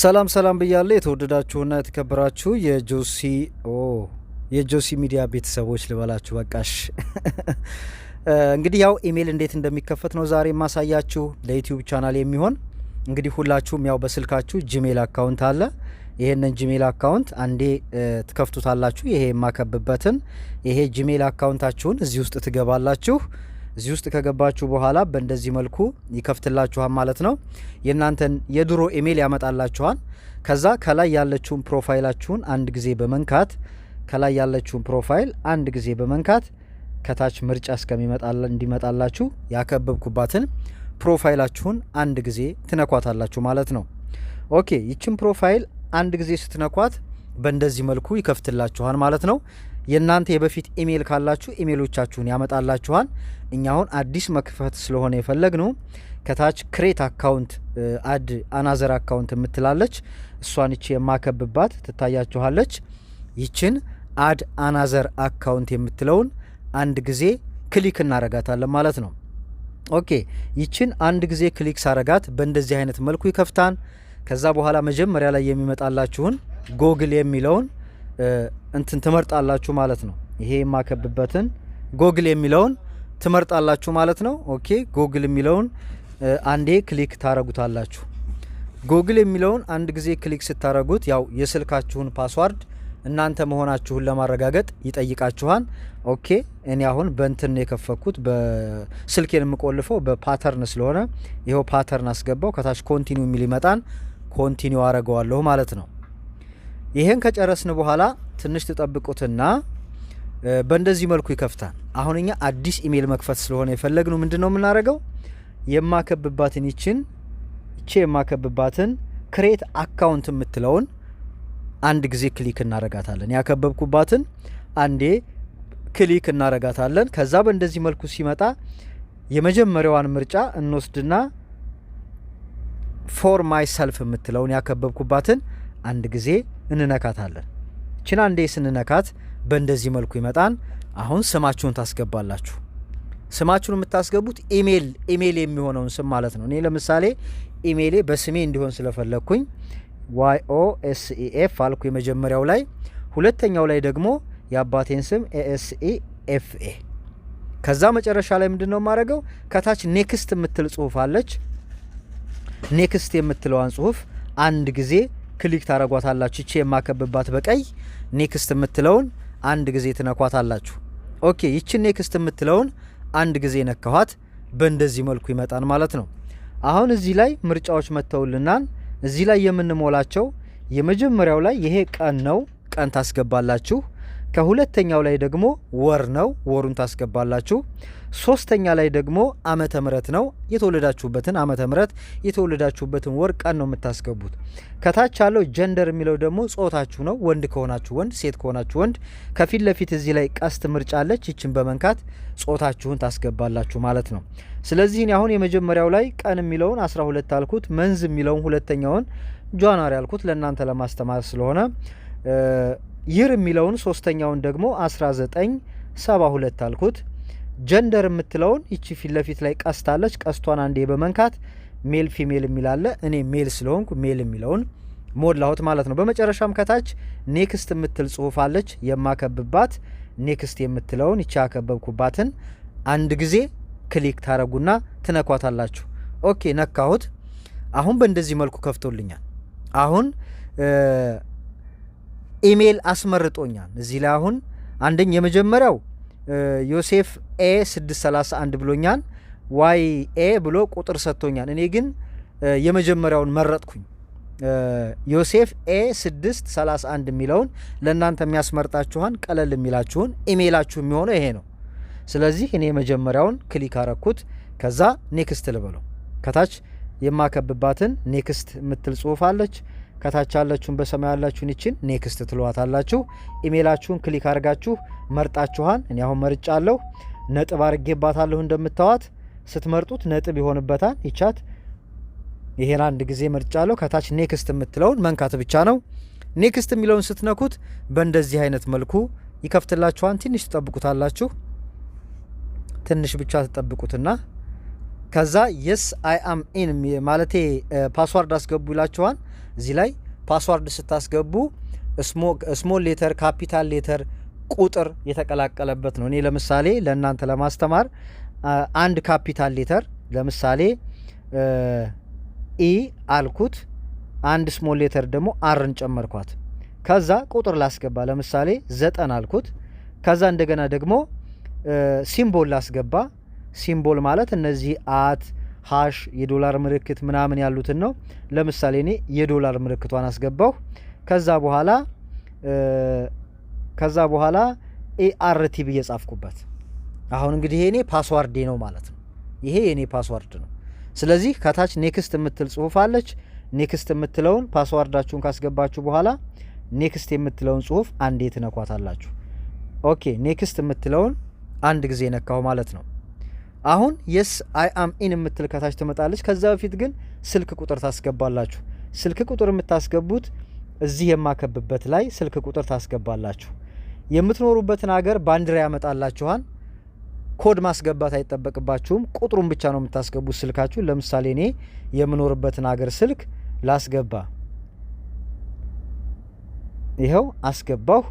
ሰላም ሰላም ብያለሁ። የተወደዳችሁና የተከበራችሁ የጆሲ የጆሲ ሚዲያ ቤተሰቦች ልበላችሁ። በቃሽ እንግዲህ ያው ኢሜይል እንዴት እንደሚከፈት ነው ዛሬ የማሳያችሁ ለዩቲዩብ ቻናል የሚሆን እንግዲህ ሁላችሁም ያው በስልካችሁ ጂሜል አካውንት አለ። ይሄንን ጂሜል አካውንት አንዴ ትከፍቱታላችሁ። ይሄ የማከብበትን ይሄ ጂሜል አካውንታችሁን እዚህ ውስጥ ትገባላችሁ። እዚህ ውስጥ ከገባችሁ በኋላ በእንደዚህ መልኩ ይከፍትላችኋል ማለት ነው። የእናንተን የድሮ ኢሜይል ያመጣላችኋል። ከዛ ከላይ ያለችውን ፕሮፋይላችሁን አንድ ጊዜ በመንካት ከላይ ያለችውን ፕሮፋይል አንድ ጊዜ በመንካት ከታች ምርጫ እንዲመጣላችሁ ያከበብኩባትን ፕሮፋይላችሁን አንድ ጊዜ ትነኳታላችሁ ማለት ነው። ኦኬ ይችን ፕሮፋይል አንድ ጊዜ ስትነኳት በእንደዚህ መልኩ ይከፍትላችኋል ማለት ነው። የእናንተ የበፊት ኢሜይል ካላችሁ ኢሜይሎቻችሁን ያመጣላችኋል። እኛ አሁን አዲስ መክፈት ስለሆነ የፈለግ ነው። ከታች ክሬት አካውንት አድ አናዘር አካውንት የምትላለች እሷን ይቺ የማከብባት ትታያችኋለች። ይችን አድ አናዘር አካውንት የምትለውን አንድ ጊዜ ክሊክ እናረጋታለን ማለት ነው። ኦኬ ይችን አንድ ጊዜ ክሊክ ሳረጋት በእንደዚህ አይነት መልኩ ይከፍታን። ከዛ በኋላ መጀመሪያ ላይ የሚመጣላችሁን ጎግል የሚለውን እንትን ትመርጣላችሁ ማለት ነው። ይሄ የማከብበትን ጎግል የሚለውን ትመርጣላችሁ ማለት ነው። ኦኬ ጎግል የሚለውን አንዴ ክሊክ ታረጉታላችሁ። ጎግል የሚለውን አንድ ጊዜ ክሊክ ስታረጉት ያው የስልካችሁን ፓስዋርድ እናንተ መሆናችሁን ለማረጋገጥ ይጠይቃችኋል። ኦኬ እኔ አሁን በእንትን የከፈኩት በስልኬን የምቆልፈው በፓተርን ስለሆነ ይኸው ፓተርን አስገባው። ከታች ኮንቲኒው የሚል ይመጣን ኮንቲኒው አረገዋለሁ ማለት ነው። ይሄን ከጨረስን በኋላ ትንሽ ትጠብቁትና በእንደዚህ መልኩ ይከፍታል። አሁን እኛ አዲስ ኢሜል መክፈት ስለሆነ የፈለግነው ምንድን ነው የምናደርገው? የማከብባትን ይችን እቼ የማከብባትን ክሬት አካውንት የምትለውን አንድ ጊዜ ክሊክ እናረጋታለን። ያከበብኩባትን አንዴ ክሊክ እናረጋታለን። ከዛ በእንደዚህ መልኩ ሲመጣ የመጀመሪያዋን ምርጫ እንወስድና ፎር ማይ ሰልፍ የምትለውን ያከበብኩባትን አንድ ጊዜ እንነካታለን። ችን አንዴ ስንነካት በእንደዚህ መልኩ ይመጣን። አሁን ስማችሁን ታስገባላችሁ። ስማችሁን የምታስገቡት ኢሜል ኢሜል የሚሆነውን ስም ማለት ነው። እኔ ለምሳሌ ኢሜሌ በስሜ እንዲሆን ስለፈለግኩኝ ዋይ ኦ ኤስ ኢ ኤፍ አልኩ የመጀመሪያው ላይ፣ ሁለተኛው ላይ ደግሞ የአባቴን ስም ኤስ ኢ ኤፍ ኤ። ከዛ መጨረሻ ላይ ምንድን ነው የማደርገው? ከታች ኔክስት የምትል ጽሁፍ አለች። ኔክስት የምትለዋን ጽሁፍ አንድ ጊዜ ክሊክ ታረጓታላችሁ። ይቺ የማከብባት በቀይ ኔክስት የምትለውን አንድ ጊዜ ትነኳታላችሁ። ኦኬ ይቺ ኔክስት የምትለውን አንድ ጊዜ ነካኋት። በእንደዚህ መልኩ ይመጣል ማለት ነው። አሁን እዚህ ላይ ምርጫዎች መጥተውልናል። እዚህ ላይ የምንሞላቸው የመጀመሪያው ላይ ይሄ ቀን ነው። ቀን ታስገባላችሁ። ከሁለተኛው ላይ ደግሞ ወር ነው፣ ወሩን ታስገባላችሁ። ሶስተኛ ላይ ደግሞ አመተ ምረት ነው፣ የተወለዳችሁበትን አመተ ምረት የተወለዳችሁበትን ወር ቀን ነው የምታስገቡት። ከታች ያለው ጀንደር የሚለው ደግሞ ጾታችሁ ነው፣ ወንድ ከሆናችሁ ወንድ፣ ሴት ከሆናችሁ ወንድ። ከፊት ለፊት እዚህ ላይ ቀስት ምርጫ አለች፣ ይችን በመንካት ጾታችሁን ታስገባላችሁ ማለት ነው። ስለዚህ እኔ አሁን የመጀመሪያው ላይ ቀን የሚለውን 12 አልኩት፣ መንዝ የሚለውን ሁለተኛውን ጃንዋሪ አልኩት ለእናንተ ለማስተማር ስለሆነ ይር የሚለውን ሶስተኛውን ደግሞ 1972 አልኩት። ጀንደር የምትለውን ይቺ ፊት ለፊት ላይ ቀስታለች። ቀስቷን አንዴ በመንካት ሜል ፊሜል የሚላለ እኔ ሜል ስለሆንኩ ሜል የሚለውን ሞላሁት ማለት ነው። በመጨረሻም ከታች ኔክስት የምትል ጽሁፍ አለች። የማከብባት ኔክስት የምትለውን ይቺ ያከበብኩባትን አንድ ጊዜ ክሊክ ታረጉና ትነኳታላችሁ። ኦኬ ነካሁት። አሁን በእንደዚህ መልኩ ከፍቶልኛል። አሁን ኢሜይል አስመርጦኛል። እዚህ ላይ አሁን አንደኝ የመጀመሪያው ዮሴፍ ኤ 631 ብሎኛል። ዋይ ኤ ብሎ ቁጥር ሰጥቶኛል። እኔ ግን የመጀመሪያውን መረጥኩኝ። ዮሴፍ ኤ 631 የሚለውን ለእናንተ የሚያስመርጣችኋን ቀለል የሚላችሁን ኢሜይላችሁ የሚሆነው ይሄ ነው። ስለዚህ እኔ የመጀመሪያውን ክሊክ አረኩት። ከዛ ኔክስት ልበለው። ከታች የማከብባትን ኔክስት የምትል ጽሁፍ አለች። ከታች ያለችሁን በሰማይ ያላችሁን ይችን ኔክስት ትሏታላችሁ። ኢሜላችሁን ክሊክ አድርጋችሁ መርጣችኋን። እኔ አሁን መርጫ አለሁ። ነጥብ አድርጌባታለሁ። እንደምታዋት ስትመርጡት ነጥብ ይሆንበታል። ይቻት ይሄን አንድ ጊዜ መርጫ ከታች ኔክስት የምትለውን መንካት ብቻ ነው። ኔክስት የሚለውን ስትነኩት በእንደዚህ አይነት መልኩ ይከፍትላችኋን። ትንሽ ትጠብቁታላችሁ። ትንሽ ብቻ ትጠብቁትና ከዛ የስ አይ አም ኢን ማለቴ ፓስዋርድ አስገቡ እዚህ ላይ ፓስዋርድ ስታስገቡ ስሞል ሌተር ካፒታል ሌተር ቁጥር የተቀላቀለበት ነው። እኔ ለምሳሌ ለእናንተ ለማስተማር አንድ ካፒታል ሌተር ለምሳሌ ኢ አልኩት፣ አንድ ስሞል ሌተር ደግሞ አርን ጨመርኳት። ከዛ ቁጥር ላስገባ ለምሳሌ ዘጠን አልኩት። ከዛ እንደገና ደግሞ ሲምቦል ላስገባ። ሲምቦል ማለት እነዚህ አት ሀሽ የዶላር ምልክት ምናምን ያሉትን ነው። ለምሳሌ እኔ የዶላር ምልክቷን አስገባሁ። ከዛ በኋላ ከዛ በኋላ ኤአርቲ ብዬ ጻፍኩበት። አሁን እንግዲህ የኔ ፓስዋርዴ ነው ማለት ነው። ይሄ የኔ ፓስዋርድ ነው። ስለዚህ ከታች ኔክስት የምትል ጽሁፍ አለች። ኔክስት የምትለውን ፓስዋርዳችሁን ካስገባችሁ በኋላ ኔክስት የምትለውን ጽሁፍ አንዴ ትነኳታላችሁ። ኦኬ ኔክስት የምትለውን አንድ ጊዜ ነካሁ ማለት ነው። አሁን የስ አይ አም ኢን የምትል ከታች ትመጣለች። ከዛ በፊት ግን ስልክ ቁጥር ታስገባላችሁ። ስልክ ቁጥር የምታስገቡት እዚህ የማከብበት ላይ ስልክ ቁጥር ታስገባላችሁ። የምትኖሩበትን ሀገር ባንዲራ ያመጣላችኋል። ኮድ ማስገባት አይጠበቅባችሁም። ቁጥሩን ብቻ ነው የምታስገቡት ስልካችሁ። ለምሳሌ እኔ የምኖርበትን ሀገር ስልክ ላስገባ፣ ይኸው አስገባሁ።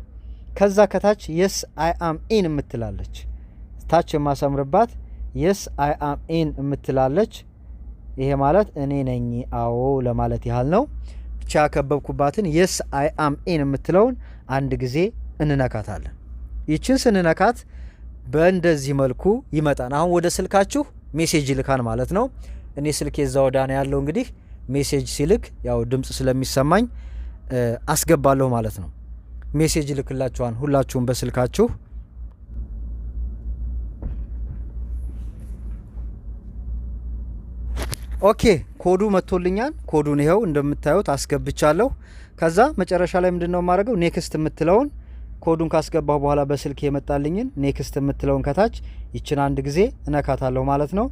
ከዛ ከታች የስ አይ አም ኢን የምትላለች ታች የማሰምርባት የስ አይ አም ኤን የምትላለች። ይሄ ማለት እኔ ነኝ አዎ ለማለት ያህል ነው። ብቻ ያከበብኩባትን የስ አይ አም ኤን የምትለውን አንድ ጊዜ እንነካታለን። ይችን ስንነካት በእንደዚህ መልኩ ይመጣል። አሁን ወደ ስልካችሁ ሜሴጅ ይልካል ማለት ነው። እኔ ስልክ እዛ ወዳ ነው ያለው። እንግዲህ ሜሴጅ ሲልክ ያው ድምፅ ስለሚሰማኝ አስገባለሁ ማለት ነው። ሜሴጅ ይልክላችኋን ሁላችሁም በስልካችሁ ኦኬ ኮዱ መጥቶልኛል። ኮዱን ይኸው እንደምታዩት አስገብቻለሁ። ከዛ መጨረሻ ላይ ምንድነው የማደርገው ኔክስት የምትለውን ኮዱን ካስገባሁ በኋላ በስልክ የመጣልኝን ኔክስት የምትለውን ከታች ይችን አንድ ጊዜ እነካታለሁ ማለት ነው።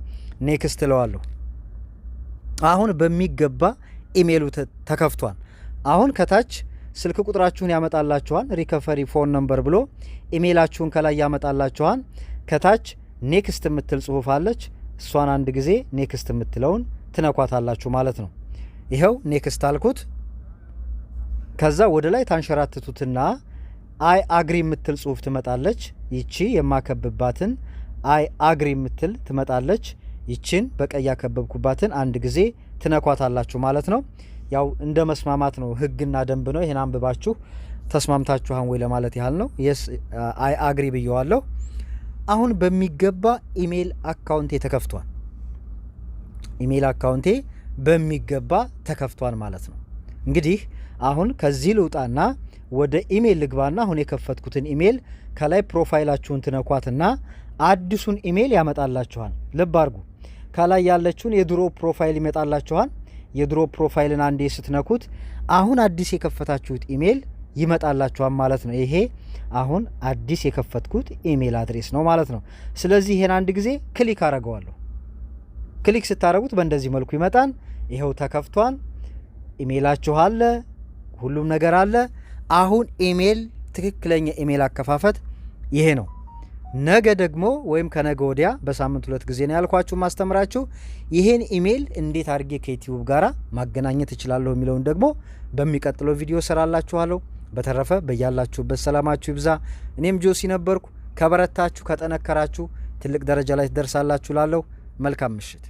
ኔክስት እለዋለሁ። አሁን በሚገባ ኢሜይሉ ተከፍቷል። አሁን ከታች ስልክ ቁጥራችሁን ያመጣላችኋል። ሪከቨሪ ፎን ነምበር ብሎ ኢሜይላችሁን ከላይ ያመጣላችኋል። ከታች ኔክስት የምትል ጽሁፍ አለች። እሷን አንድ ጊዜ ኔክስት የምትለውን ትነኳታላችሁ ማለት ነው። ይኸው ኔክስት አልኩት። ከዛ ወደ ላይ ታንሸራትቱትና አይ አግሪ የምትል ጽሁፍ ትመጣለች። ይቺ የማከብባትን አይ አግሪ የምትል ትመጣለች። ይቺን በቀይ ያከበብኩባትን አንድ ጊዜ ትነኳታላችሁ ማለት ነው። ያው እንደ መስማማት ነው፣ ህግና ደንብ ነው። ይህን አንብባችሁ ተስማምታችኋን ወይ ለማለት ያህል ነው። የስ አይ አግሪ ብየዋለሁ። አሁን በሚገባ ኢሜይል አካውንት ተከፍቷል። ኢሜይል አካውንቴ በሚገባ ተከፍቷል ማለት ነው። እንግዲህ አሁን ከዚህ ልውጣና ወደ ኢሜይል ልግባና አሁን የከፈትኩትን ኢሜይል ከላይ ፕሮፋይላችሁን ትነኳትና አዲሱን ኢሜይል ያመጣላችኋል። ልብ አርጉ ከላይ ያለችውን የድሮ ፕሮፋይል ይመጣላችኋል። የድሮ ፕሮፋይልን አንዴ ስትነኩት አሁን አዲስ የከፈታችሁት ኢሜይል ይመጣላችኋል ማለት ነው። ይሄ አሁን አዲስ የከፈትኩት ኢሜይል አድሬስ ነው ማለት ነው። ስለዚህ ይሄን አንድ ጊዜ ክሊክ አረገዋለሁ። ክሊክ ስታደረጉት በእንደዚህ መልኩ ይመጣል። ይኸው ተከፍቷል። ኢሜይላችሁ አለ፣ ሁሉም ነገር አለ። አሁን ኢሜይል ትክክለኛ ኢሜይል አከፋፈት ይሄ ነው። ነገ ደግሞ ወይም ከነገ ወዲያ በሳምንት ሁለት ጊዜ ነው ያልኳችሁ ማስተምራችሁ። ይሄን ኢሜይል እንዴት አድርጌ ከዩቲዩብ ጋራ ማገናኘት እችላለሁ የሚለውን ደግሞ በሚቀጥለው ቪዲዮ ሰራላችኋለሁ። በተረፈ በያላችሁበት ሰላማችሁ ይብዛ። እኔም ጆሲ ነበርኩ። ከበረታችሁ ከጠነከራችሁ ትልቅ ደረጃ ላይ ትደርሳላችሁ ላለሁ መልካም ምሽት